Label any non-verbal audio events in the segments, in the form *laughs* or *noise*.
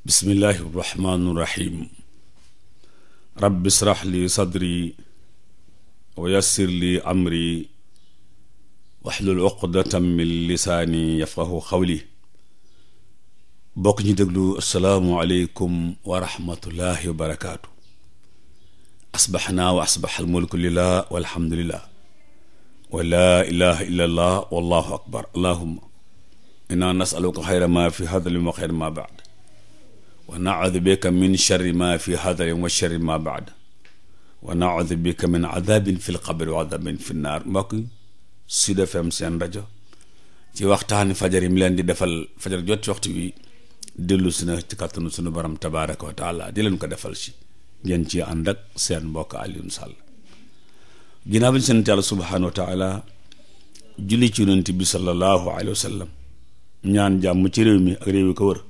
bismillaahi rahmaani rahiim rabbi israh li sadri wa yassir li amri waxlul uqdatan min lisaani yafqahu xawli bokk ñu déglu asalaamu aleykum wa rahmatullaahi wa barakaatu asbaxnaa wa asbaxal mulku lillaah walhamdulillaah wa laa ilaaha illallaah wallaahu akbar allaahumma innaa nasaluka xayra maa fi haadal yawmi wa xayra maa ba'd wa naudu bika min sharri ma fi hadari wa sharri ma baad wa naudu bika min adabin fi lqabri wa adabin fi naar mbokk Sud FM seen rajo ci waxtaani fajar yi mu leen di defal fajar jot ci waxtu wi dellu si na ci kàttanu sunu borom tabaraka wa taala di leen ko defal si ngeen ci ànd ak seen mbokk Alioune Sall ginnaaw bi ñu sant yàlla subhaanahu wa taala julli ci yonent bi sallallahu alayhi wa sallam ñaan jàmm ci réew mi ak réew yi ko wër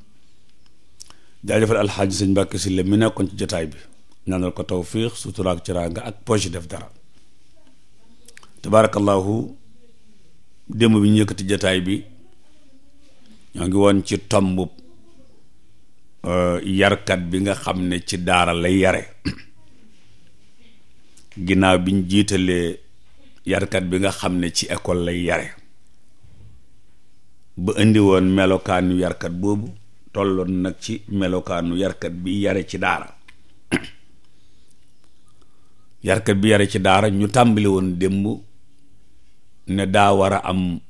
jaajëfal alxaaji sëñ si Sylla mi nekkoon ci jotaay bi ñaanal ko tawfiix sutura ak ciraanga ak poche def dara tabaarakallaahu démb bi ñu yëkkati bi ñoo ngi woon ci tomb euh, yarkat bi nga xam ne ci daara lay yare *coughs* ginnaaw bi ñu jiitalee yarkat bi nga xam ne ci école lay yare ba indi woon melokaanu yarkat boobu tolloon nag ci melokaanu yarkat bi yare ci daara *coughs* yarkat bi yare ci daara ñu tàmbali woon démb ne daa war a am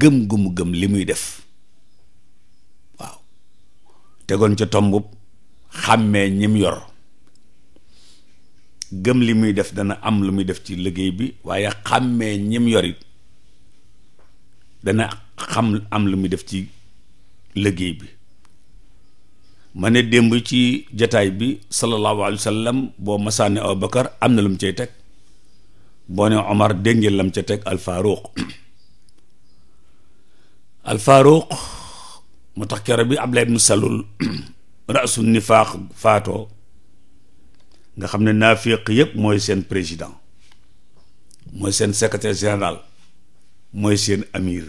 gëm gu gëm li muy def waaw tegoon ca tombub xàmmee ñim yor gëm li muy def dana am lu muy def ci liggéey bi waaye xàmmee ñim yor dana xam am lu muy def ci liggéey bi ma ne démb ci jataay bi sallallahu alayhi wa sallam boo masaane Abubakar am na lu mu cay teg boo ne Omar dégg ngeen lam ca teg alfaaruq *clears throat* alfaaruq moo tax kero bi Abdullah mu Salul *clears throat* rasul nifaaq faatoo nga xam ne naafiq yépp mooy seen président mooy seen secretaire général mooy seen amir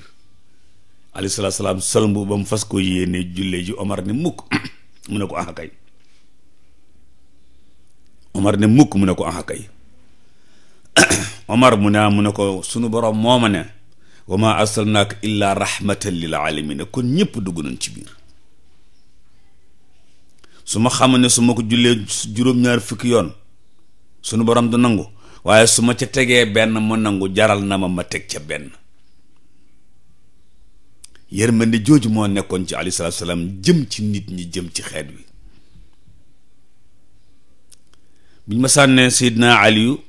alayhi salaam salaam salmbu ba mu fas ko yéene jullee ji Omar ni mukk *clears throat* mu ne ko ah kay Omar ne mukk mu ne ko ah kay *coughs* Omar mu ne ah, mu ne ko sunu borom moo ma ne wa ma arsalnaaka illa rahmatan lil alamina kon ñëpp dugg nañ ci biir su ma xamoon ne su ma ko jullee juróom-ñaar fukki yoon sunu borom du nangu waaye su ma ca tegee benn ma nangu jaral na ma ma teg ca benn yërmande jooju moo nekkoon ci alayhi salaatu salaam jëm ci nit ñi jëm ci xeet wi bu ñu ma sànnee Seydina Aliyu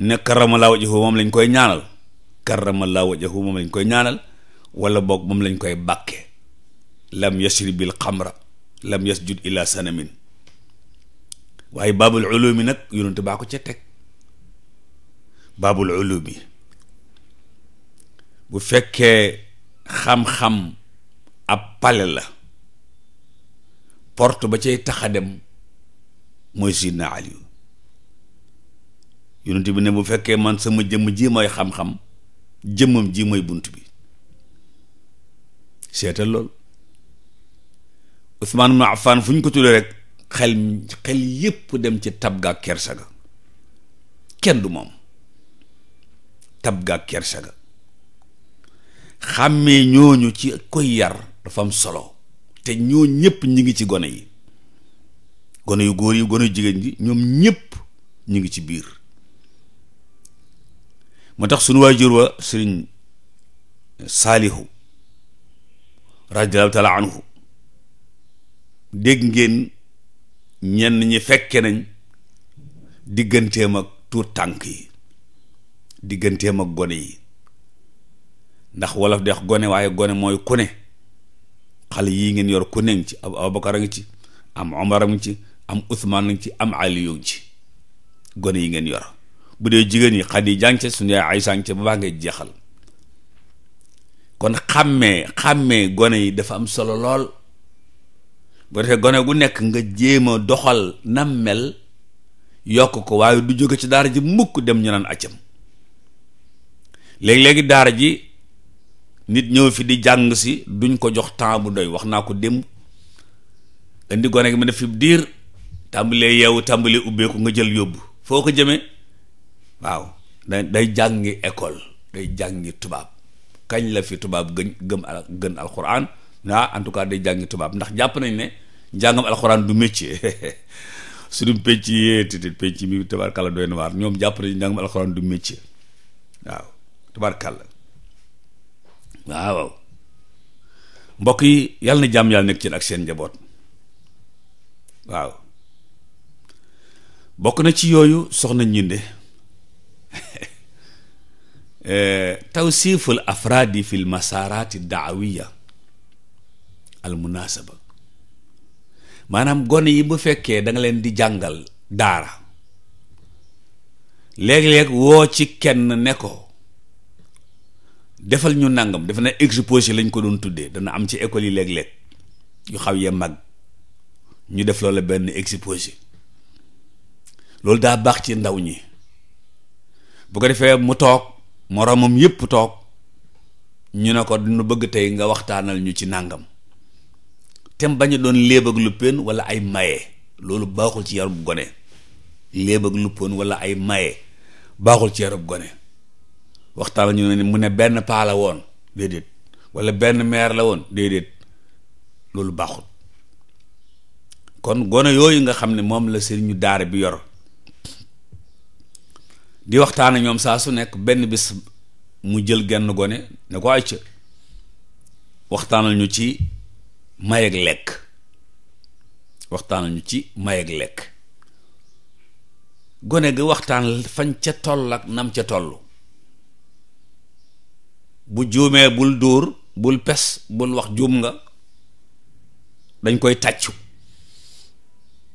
ne karramallahu wajhahu moom lañ koy ñaanal karramallahu wajhahu moom lañ koy ñaanal wala boog moom lañ koy bàkke lam yashribil xamra lam yasjud illa sanamin waaye baabul ulumi nag yonente baa ko ca teg baabul ulumi bu fekkee xam-xam ab pale la port ba cay taxa dem mooy sidna Aliyu yonent bi ne bu fekkee man sama jëmm ji mooy xam-xam jëmmam ji mooy bunt bi seetal lool Usmaan ibn Affaan fu ñu ko tuddee rek xel xel yépp dem ci tab ga kersa kenn du moom tab ga kersa xàmmee ñooñu ci koy yar dafa am solo te ñoo ñëpp ñu ngi ci gone yi gone yu góor yi gone yu jigéen yi ñoom ñëpp ñu ngi ci biir moo tax suñu waajur wa sëriñ saalihu radiallahu taala dégg ngeen ñenn ñi fekke nañ digganteem ak tuur tànk yi digganteem ak gone yi ndax wolof dex gone waaye gone mooy ku xale yii ngeen yor ku ne ci ab Abubakar ngi ci am Omar ngi ci am Usmaan ngi ci am Aliyu ci gone yi ngeen yor bu dee jigéen yi Xadiija ngi ci suñu yaay Aysa ngi ci ba baa ngay jeexal kon xàmmee xàmmee gone yi dafa am solo lool bu defee gone gu nekk nga jéem a doxal nam mel yokk ko waaye du jóge ci daara ji mukk dem ñu naan accam léegi-léegi daara ji nit ñëw fi di jàng si duñ ko jox temps bu doy wax naa ko démb indi gone gi ma def diir tàmbalee yeewu tàmbalee ubbeeku nga jël yóbbu foo ko jëmee waaw day day jàngi école day jàngi tubaab kañ la fi tubaab gën gëm al gën alxuraan ah en tout cas day jàngi tubaab ndax jàpp nañ ne al alxuraan du métier *laughs* suñu pecc yee titi pecc mi tabarkàlla doy na waar ñoom jàpp nañ njàngam alxuraan du métier waaw tabarkàlla waaw mbokk yi yàlla na jàmm yàlla nekk ci ak seen njaboot waaw bokk na ci yooyu soxna ñinde *laughs* eh, tawsiiful afraadi fil masaraati daawiya al munasaba maanaam gone yi bu fekkee da leen di jàngal daara léeg-léeg woo ci kenn ne ko defal ñu nangam dafa na exposé lañ ko doon tuddee dana am ci école yi léeg-léeg yu xaw yee mag ñu def loola benn exposé loolu daa baax ci ndaw ñi bu ko defee mu toog moroomam yépp toog ñu ne ko duñu bëgg tey nga waxtaanal ñu ci nàngam tem bañ doon léeb ak lu peen wala ay maye loolu baaxul ci yarub gone léebak ak lu wala ay maye baaxul ci yarub gone waxtaan ñu ne mu ne benn paa la woon déedéet walla benn meer la woon déedéet loolu baaxul kon gone yooyu nga xam ne moom la ñu daara bi yor di waxtaan ñoom saa su nekk benn bis mu jël genn gone ne ko acca waxtaanal ñu ci may lekk waxtaanal ñu ci may ak lekk gone ga waxtaan fañ ca toll ak nam ca toll bu juumee bul dóor bul pes bul wax juum nga dañ koy tàccu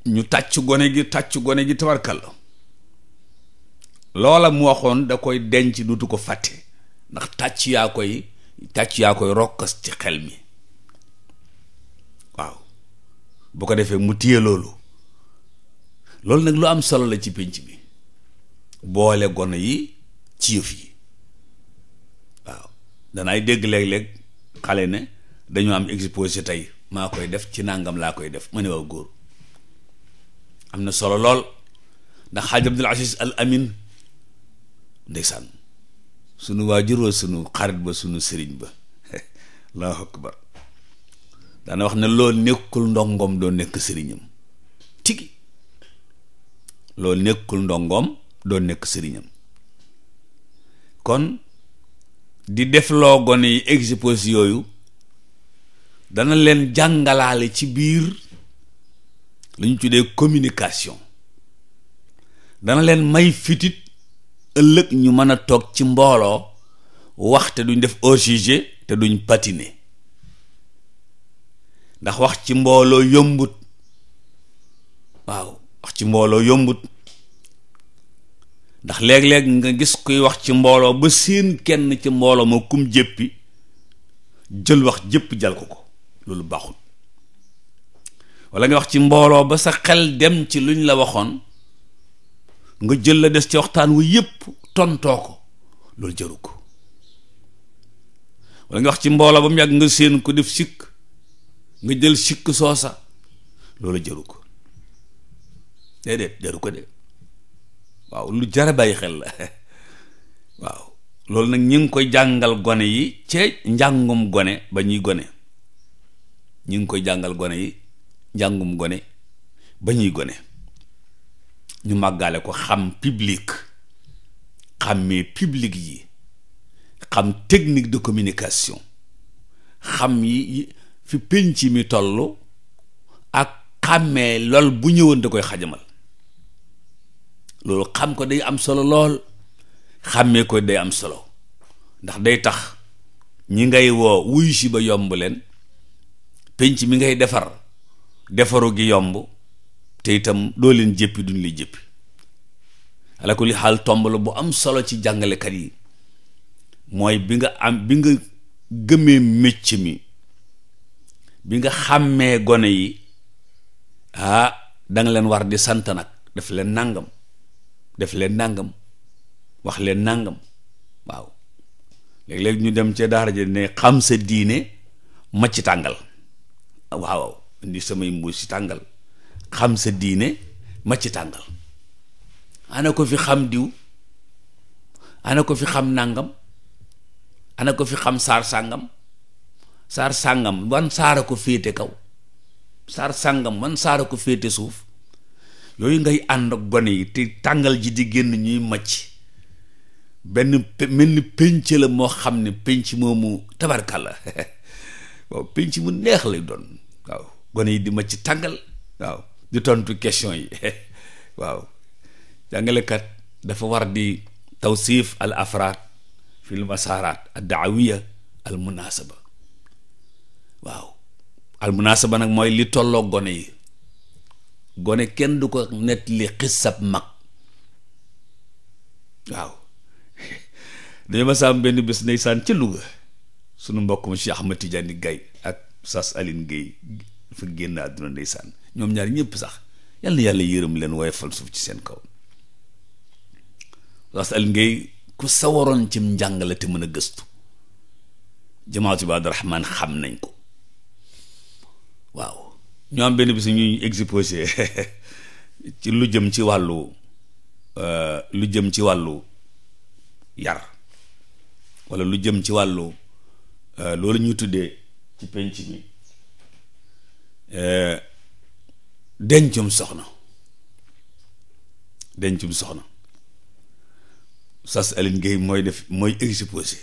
ñu tàccu gone gi tàccu gone gi tabarkal la loola mu waxoon da koy denc du ko fàtte ndax tàcc yaa koy tàcc yaa koy rokkas ci xel mi waaw bu ko defee mu téye loolu loolu nag lu am solo la ci pénc bi boole gone yi ci yëf yi danaay dégg léeg-léeg xale ne dañoo am exposé tey maa koy def ci nàngam laa koy def ma ne waaw góor am na solo lool ndax xaaj Abdul Aziz Al Amin ndeysaan sunu waajur wa sunu xarit ba sunu sëriñ ba *laughs* allahu akbar daana wax ne loo nekkul ndongoom doo nekk sëriñam tigi loo nekkul ndongoom doo nekk sëriñam kon di def loo gone yi expose yooyu dana leen jàngalaale ci biir lu ñu tuddee communication dana leen may fitit ëllëg ñu mën a toog ci mbooloo wax te duñ def au te duñ patiner ndax wax ci mbooloo yombut waaw wax ci mbooloo yombut ndax léeg-léeg nga gis kuy wax ci mbooloo ba séen kenn ci mbooloo ma kum jéppi jël wax jépp jal ko ko loolu baaxul walla nga wax ci mbooloo ba sa xel dem ci luñ la waxoon nga jël la des ci waxtaan wu yëpp tontoo ko loolu jaru ko wala nga wax ci mbooloo mu yàgg nga séen ko def sikk nga jël sikk soosa loolu jëru ko déedéet jaru ko de waaw lu jara bàyyi xel la *laughs* waaw loolu nag ñi ngi koy jàngal gone yi ca njàngum gone ba ñuy gone ñi ngi koy jàngal gone yi njàngum gone ba ñuy gone ñu màggaale ko xam public xàmmee public yi xam technique de communication xam yi fi pénc mi toll ak xàmmee lool bu ñëwoon da koy xajamal loolu xam ko day am solo lool xàmmee ko day am solo ndax day tax ñi ngay woo wuyu si ba yomb leen penc mi ngay defar defaru gi yomb te itam doo leen jëppi duñ li jëppi ala ko li xaal tomb la bu am solo ci jàngalekat yi mooy bi nga am bi nga gëmee mécc mi bi nga xàmmee gone yi ah danga leen war di sant nag dafa leen nangam def leen nàngam wax leen nàngam waaw léeg-léeg ñu dem ca daara ji ne xam sa diine ma tàngal waaw indi samay mbuus ci tàngal xam sa diine ma ci tàngal ana ko fi xam diw ana ko fi xam nàngam ana ko fi xam saar sàngam saar sàngam wan saara ko féete kaw saar sàngam wan saara ko féete suuf yooyu ngay ànd ak gone yi te tàngal ji di génn ñuy màcc benn mel ni pénc la moo xam ne pénc moomu tabarkàlla *laughs* waaw pénc mu neex lay doon waaw gone yi di màcc tàngal waaw di tontu question yi *laughs* waaw jàngalekat dafa war di tawsif al afraad fil masaraat ad daawiya al munasaba waaw al munasaba nag mooy li tolloo gone yi gone kenn du ko net li xissab mag waaw *laughs* dañu ma mu benn bés ndeysaan ca Louga sunu mbokk mu Cheikh Ahmed Tidiane Gaye ak Sas Aline Guèye dafa génn àdduna ndeysaan ñoom ñaar ñëpp sax yàlla yàlla yërëm leen woyofal suuf ci seen kaw Sas Aline Guèye ku sawaroon ci njàngale te mën a gëstu jamaatu Ibaadu Rahmaan xam nañ ko waaw ñoo am benn bis ñuy exposé ci lu jëm ci wàllu euh, lu jëm ci wàllu yar walla lu jëm ci wàllu euh, loolu ñu tuddee ci penc mi euh, dencum soxna dencum soxna sas Aline Gueye mooy def mooy exposé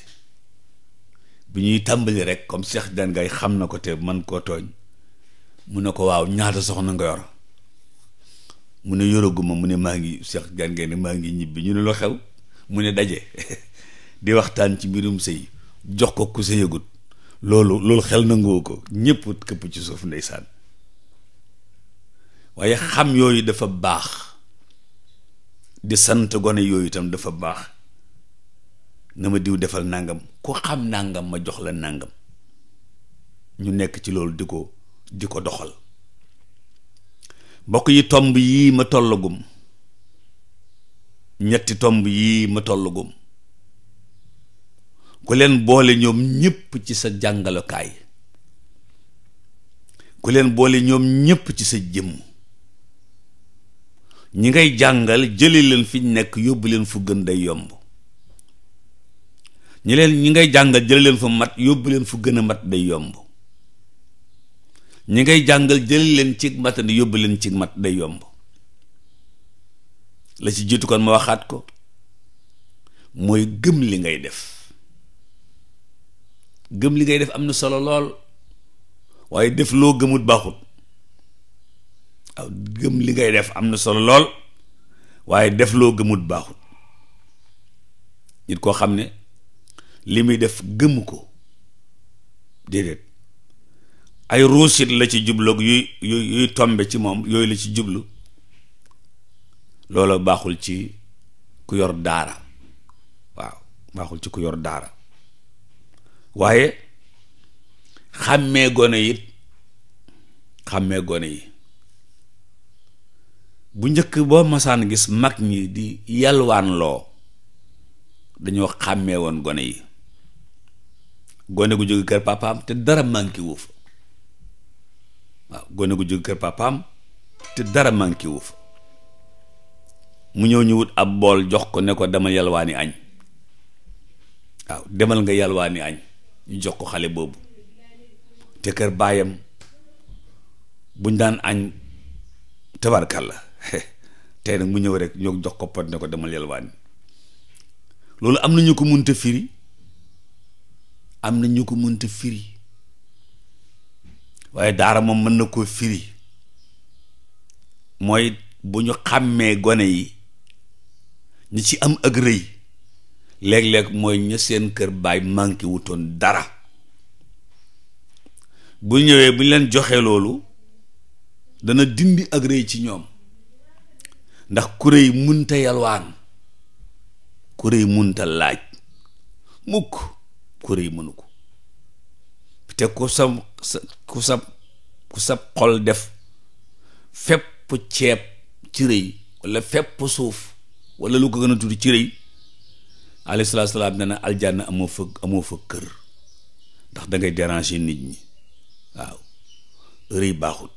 bi ñuy tàmbali rek comme Cheikh Diagne Gaye xam na ko te man koo tooñ mu ne ko waaw ñaata soxna nga yor mu ne yoraguma mu ne maa ngi Cheikh Gane maa ngi ñibbi ñu ne lu xew mu ne daje *laughs* di waxtaan ci mbirum sëy jox ko ku sëyagut loolu loolu xel nanguwu ko ñëpp këpp ci suuf ndeysaan waaye xam yooyu dafa baax di sant gone yooyu itam dafa baax na ma diw defal nangam ku xam nangam ma jox la nàngam ñu nekk ci loolu di ko di ko doxal mbokk yi tomb yii ma tollagum ñetti tomb yii ma tollagum ku leen boole ñoom ñëpp ci sa jàngalukaay ku leen boole ñoom ñëpp ci sa jëmm ñi ngay jàngal jëli leen fi nekk yóbbu leen fu gën day yomb ñi leen ñi ngay jàngal jëli leen fu mat yóbbu leen fu gën a mat day yomb ñi ngay jàngal jël leen cig mat ne yóbbu leen cig mat day yomb la ci jiitu kon ma waxaat ko mooy gëm li ngay def gëm li ngay def am na solo lool waaye def loo gëmut baaxut waaw gëm li ngay def am na solo lool waaye def loo gëmut baaxut nit koo xam ne li muy def gëmu ko déedéet ay ruusit la ci jubloog yuy yuy tombe ci moom yooyu la ci jublu loolo baaxul ci ku yor daara waaw baaxul ci ku yor daara waaye xàmmee gone it xàmmee gone yi bu njëkk boo masaan gis mag ñi di yalwaan loo dañoo xàmmee woon gone yi gone gu jóge kër papaam te dara manqué fa waaw gone gu jóg kër papaam te dara manqué wu fa mu ñëw ñu wut ab bool jox ko ne ko demal yalwaani añ waaw demal nga yalwaani añ ñu jox ko xale boobu te kër baayam buñ daan añ te tabarkalla *laughs* tey nag mu ñëw rek ñoo jox ko pot ne ko demal yalwaani loolu am na ñu ko munta firi am na ñu ko munta firi waaye daara moom mën na koo firi mooy bu ñu xàmmee gone yi ñu ci am ak rëy léeg-léeg mooy ña seen kër baay manqué wutoon dara bu ñëwee bu ñu leen joxee loolu dana dindi ak rëy ci ñoom ndax ku rëy munta yalwaan ku rëy munta laaj mukk ku rëy mënu ko te ku sa ku sa ku sa xol def fépp ceeb ci rëy wala fépp suuf wala lu ko gën a tudd ci rëy alayhi salaatu salaam nee na amoo fa amoo fa kër ndax da ngay nit ñi waaw rëy baaxut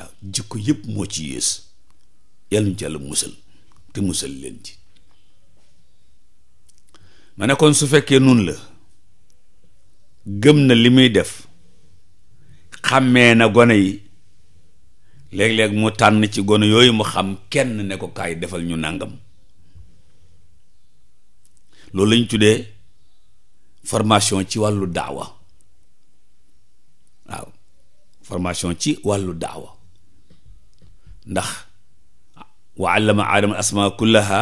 waaw jikko yëpp moo ci yées yàlla ñu musal te musal leen ci ma ne kon su fekkee nun la gëm na li muy def xàmmee na gone yi léeg-léeg mu tànn ci gone yooyu mu xam kenn ne ko defal ñu nàngam loolu lañ tuddee formation ci wàllu daawa waaw formation ci wàllu daawa ndax wa allama aadama asmaa kullaha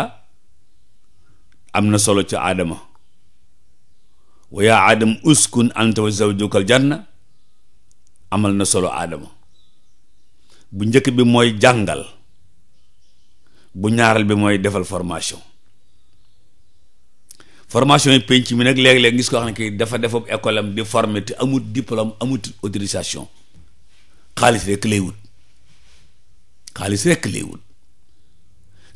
am na solo ci aadama wa yaa aadam uskun anta wa zawjuka al janna amal na solo aadama bu njëkk bi mooy jàngal bu ñaaral bi mooy defal formation formation yi penc mi nag léeg-léeg ngis koo xam ne ki dafa defab école am di former te amut diplôme amut autorisation xaalis rekk lay wut xaalis rekk lay wut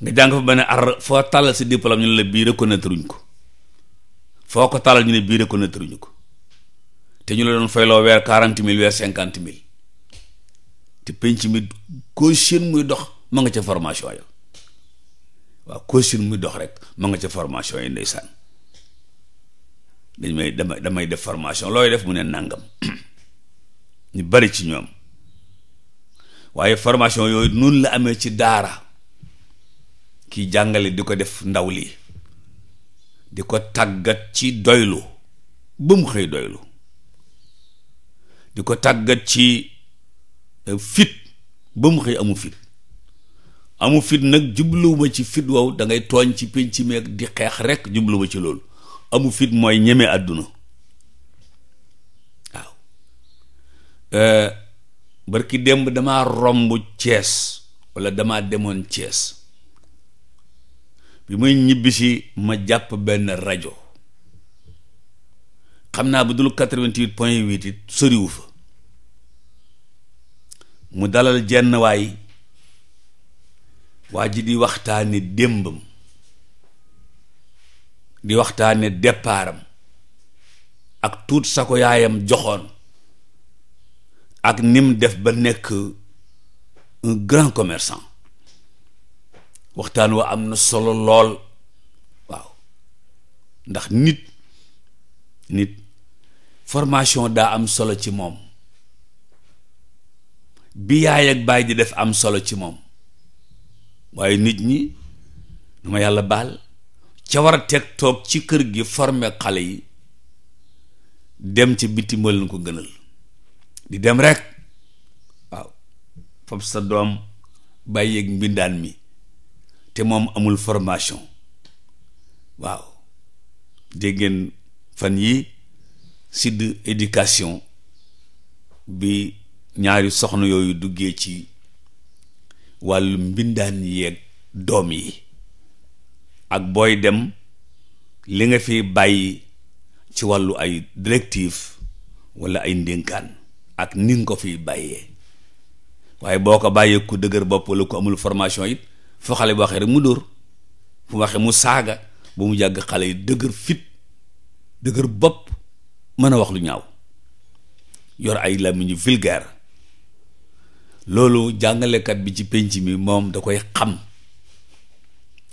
nga jàng fa benn ar foo tàllal si diplôme ñu la bii reconnaître uñ ko foo ko taalal ñu ne bii reconnaître ñu ko te ñu la doon fayloo weer quarante mille weer cinquante mille te penc mi caution muy dox mu nga ca formation ya waaw caution muy dox rek ma nga ca formation yi ndeysaan dañ may damay def formation looy def mu ne nàngam ñu bari ci ñoom waaye formation yooyu noonu la amee ci daara ki jàngale di ko def ndaw lii di ko tàggat ci doylu ba mu xëy doylu di ko tàggat ci euh, fit ba mu xëy amu fit amu fit nag jubluwuma ci fit wow da tooñ ci penc di xeex rekk jubluwuma ci loolu amu fit mooy ñeme àdduna waaw euh, barki démb damaa romb Cees walla damaa demoon Cees bi muy ñibbisi ma jàpp benn rajo xam naa bu dul 88 point 8 it soriwu fa mu dalal jenn waay waa ji di waxtaane démbam di waxtaane depaaram ak tuut sa ko yaayam joxoon ak nim def ba nekk un grand commerçant waxtaan wa am na solo lool waaw ndax nit nit formation daa am solo ci moom bi yaay ak baay di def am solo ci moom waaye nit ñi nu ma yàlla baal ca war a teg toog ci kër gi forme xale yi dem ci biti moo leen ko gënal di dem rek waaw fab sa doom bàyyeeg mbindaan mi te moom amul formation waaw dégg fan yi sidd éducation bi ñaari soxna yooyu duggee ci wàllu mbindaan yeeg doom yi ak booy dem li nga fi bàyyi ci wàllu ay directive walla ay ndénkaan ak ni nga ko fi bàyyee waaye boo ko bàyyee ku dëgër bopp walla ku amul formation it foo xale bu waxee rek mu dóor fu mu waxee mu saaga ba mu jàgg xale yi dëgër fit dëgër bopp mën a wax lu ñaaw yor ay làmmiñu vulgaire loolu jàngalekat bi ci pénc mi moom da koy xam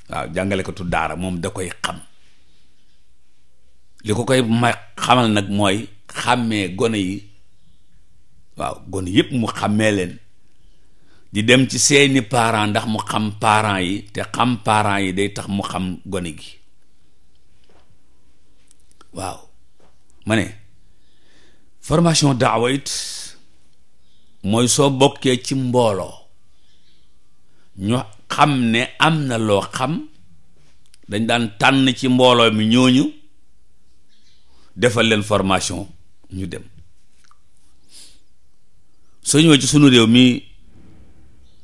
waaw jàngalekatu daara moom da koy xam li ko koy ma xamal nag mooy xàmmee gone yi waaw gone yépp mu xàmmee leen di dem ci seeni parents ndax mu xam parents yi te xam parents yi day tax mu xam gone gi waaw ma ne formation daawa it mooy soo bokkee ci mbooloo ñu xam ne am na loo xam dañ daan tànn ci mbooloo mi ñooñu defal leen formation ñu dem soo ñëwee ci sunu réew mi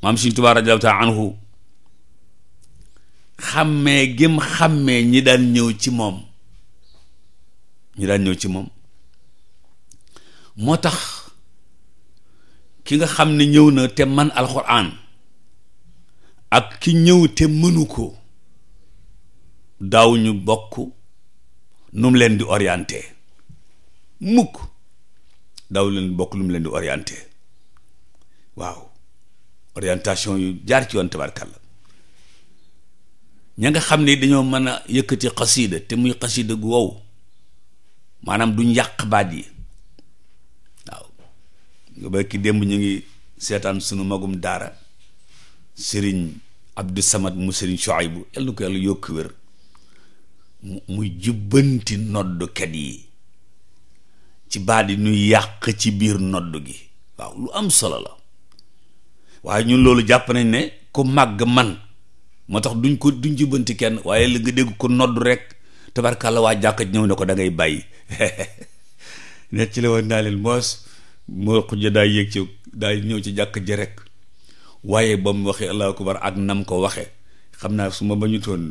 am Sëriñ Tuubaa radiyallaahu taala anhu xàmmee gém xàmmee ñi daan ñëw ci moom ñi daan ñëw ci moom moo tax ki nga xam ni ñëw na te man alxuraan ak ki ñëw te mënu ko daaw ñu bokk num leen di orienté mukk daaw leen bokk nu leen di orienté waaw orientation yu jaar ci yoon tabarkàlla ña nga xam ni dañoo mën a yëkkati xasiida te muy xasiida gu wow maanaam duñ yàq baat yi waaw nga ba ki démb ñu ngi seetaan sunu magum daara sëriñ Abdou Samad mu sëriñ Shuaybu yàlla na ko yàlla yokk wér muy jubbanti noddukat yi ci baat yi ñuy yàq ci biir noddu gi waaw lu am solo la waaye ñun loolu jàpp nañ ne ku màgg man moo tax duñ ko duñ jubbanti kenn waaye li nga dégg ko nodd rek tabarkàlla waa jàkka ñëw ne ko da ngay bàyyi *laughs* net ci la woon naa leen moos moo xujja daa yéeg ci daa ñëw ci jàkk ji rek waaye ba mu waxee allahu akbar ak nam ko waxe xam naa su ma bañutoon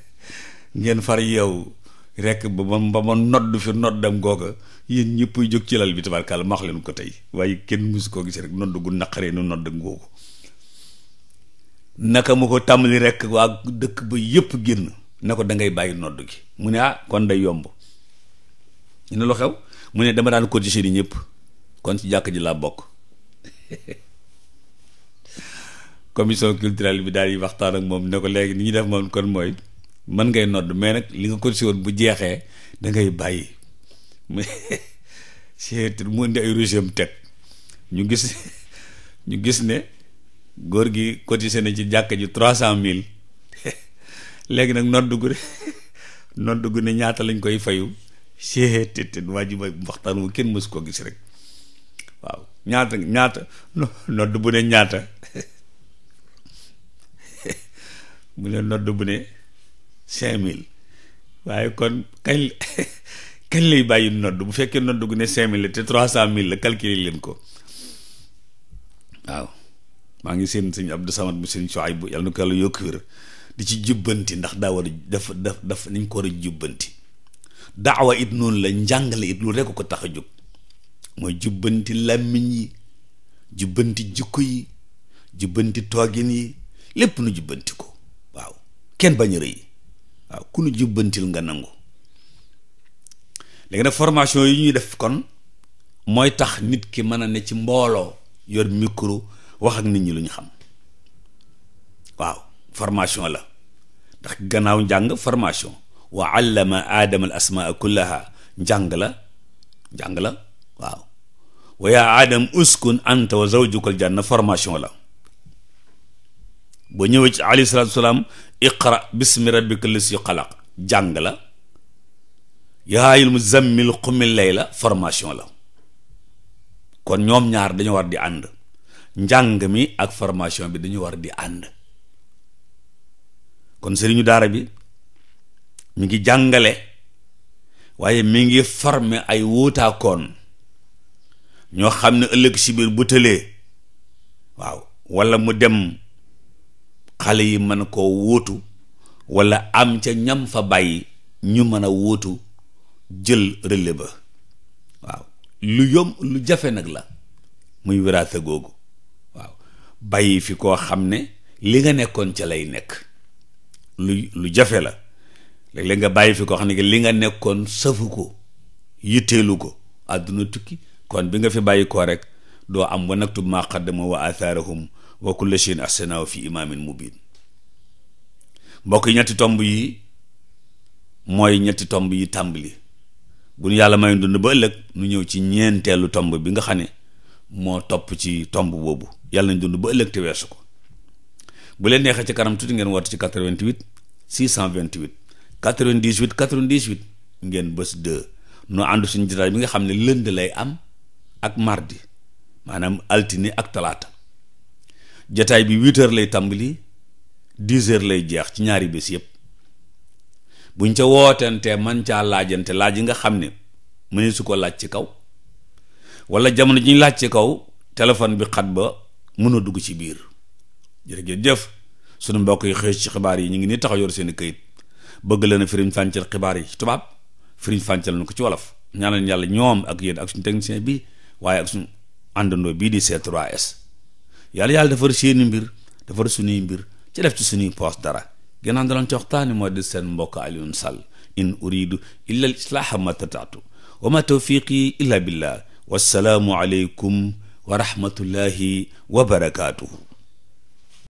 *laughs* ngeen far yow rekk ba ma ba ma nodd fi noddam googa yéen ñëpp jóg ci lal bi tabarkàlla ma wax leen ko tey waaye kenn musu koo gisee rek nodd gu naqaree nu nodd googu naka mu ko tàmbali rekk waa dëkk ba yëpp génn ne ko dangay bàyyi nodd gi mu ne ah kon day yomb ñu ne lu xew mu ne dama daan cotiser ni ñëpp kon ci jàkk ji laa bokk *laughs* commission culturelle bi daal yi waxtaan ak moom ne ko léegi ni ñu def moom kon mooy man ngay nodd mais nag li nga ko woon bu jeexee da ngay bàyyi seet *laughs* mu indi ay régime teg ñu gis *laughs* ñu gis ne góor gi cotisé na ci jàkk ji trois cent mille *laughs* léegi nag nodd gu nodd gu ne ñaata lañ koy fayu seet te waa ji ba waxtaan wu kenn mësu ko gis rek waaw ñaata ñaata nodd bu ne ñaata mu ne nodd bu ne cinq mille waaye kon kañ *laughs* kañ lay bàyyi nodd bu fekkee nodd gu ne cinq mille te trois cent mille la calculer leen ko waaw maa ngi seen sëñ Abdou Samad mu sëñ Soay bu yàlla na ko yàlla yokk wér di ci jubbanti ndax daa war a daf daf daf nañ ko war a jubbanti daawa it noonu la njàngale it loolu ko tax a jóg mooy jubbanti làmmiñ yi jubbanti jikko yi jubbanti toogin yi lépp nu jubbanti ko waaw kenn bañ a rëy waaw ku nu jubbantil nga nangu léegi nag formation yi ñuy def kon mooy tax nit ki mën a ne ci mbooloo yor micro wax ak nit ñi lu ñu xam waaw formation la ndax gannaaw njàng formation wa allama aadama al asmaa kullaha njàng la njàng la waaw wa yaa aadam uskun anta wa zawjukal janna formation la boo ñëwee ci alayhi salaatu salaam iqra bismi rabbika lasi xalaq jàng la yaayul mu zammil xumil lay la formation la kon ñoom ñaar dañu war di ànd njàng mi ak formation bi dañu war di ànd kon sëriñu daara bi mu ngi jàngale waaye mi ngi forme ay wóotaakoon ñoo xam ne ëllëg si biir bu tëlee waaw walla mu dem xale yi mën koo wóotu walla am ca ñam fa bàyyi ñu mën a wóotu jël relais ba waaw lu yom lu jafe nag la muy wiraate googu waaw bàyyi fi koo xam ne li nga nekkoon ca lay nekk lu lu jafe la léeg la nga bàyyi fi koo xam ne li nga nekkoon sëfu ko yitteelu ko àdduna tukki kon bi nga fi bàyyi koo rek doo am wa naktub maa qaddama wa athaarahum wa kulla shay'in ahsanahu fi imaamin mubin mbokk yi ñetti tomb yi mooy ñetti tomb yi tàmb tàmbali bu ñu yàlla may dund ba ëllëg nu ñëw ci ñeenteelu tomb bi nga xam ne moo topp ci tomb boobu yàlla nañ dund ba ëllëg te weesu ko bu leen neexee ci kanam tuuti ngeen woote ci 88 628 98 98 ngeen bës 2 noo ànd suñu jotaay bi nga xam ne lënd lay am ak mardi maanaam altine ak talaata jataay bi huit lay tàmbali dix heures lay jeex ci ñaari bés yëpp buñ ca wootante man caa laajante laaj yi nga xam ne mëne su ko laaj ci kaw wala jamono ji laaj ci kaw téléphone bi xat ba mën a dugg ci biir jërëjëf sunu mbokk yi xëy ci xibaar yi ñu ngi nii taxaw yor seen i këyit bëgg leen a firiñ fàncal xibaar yi ci tubaab firiñ fàncal na ko ci wolof ñaanal yàlla ñoom ak yéen ak suñ technicien bi waaye ak suñu àndandoo bii di c 3 yàlla yàlla dafar seeni mbir dafar suñuy mbir ci def ci suñuy poos dara gannaaw da doon ci waxtaani moo di seen mbokk Alioune Sall in uridu illa al ma tataatu wa ma tawfiqi illa billah wassalaamu aleykum wa rahmatullahi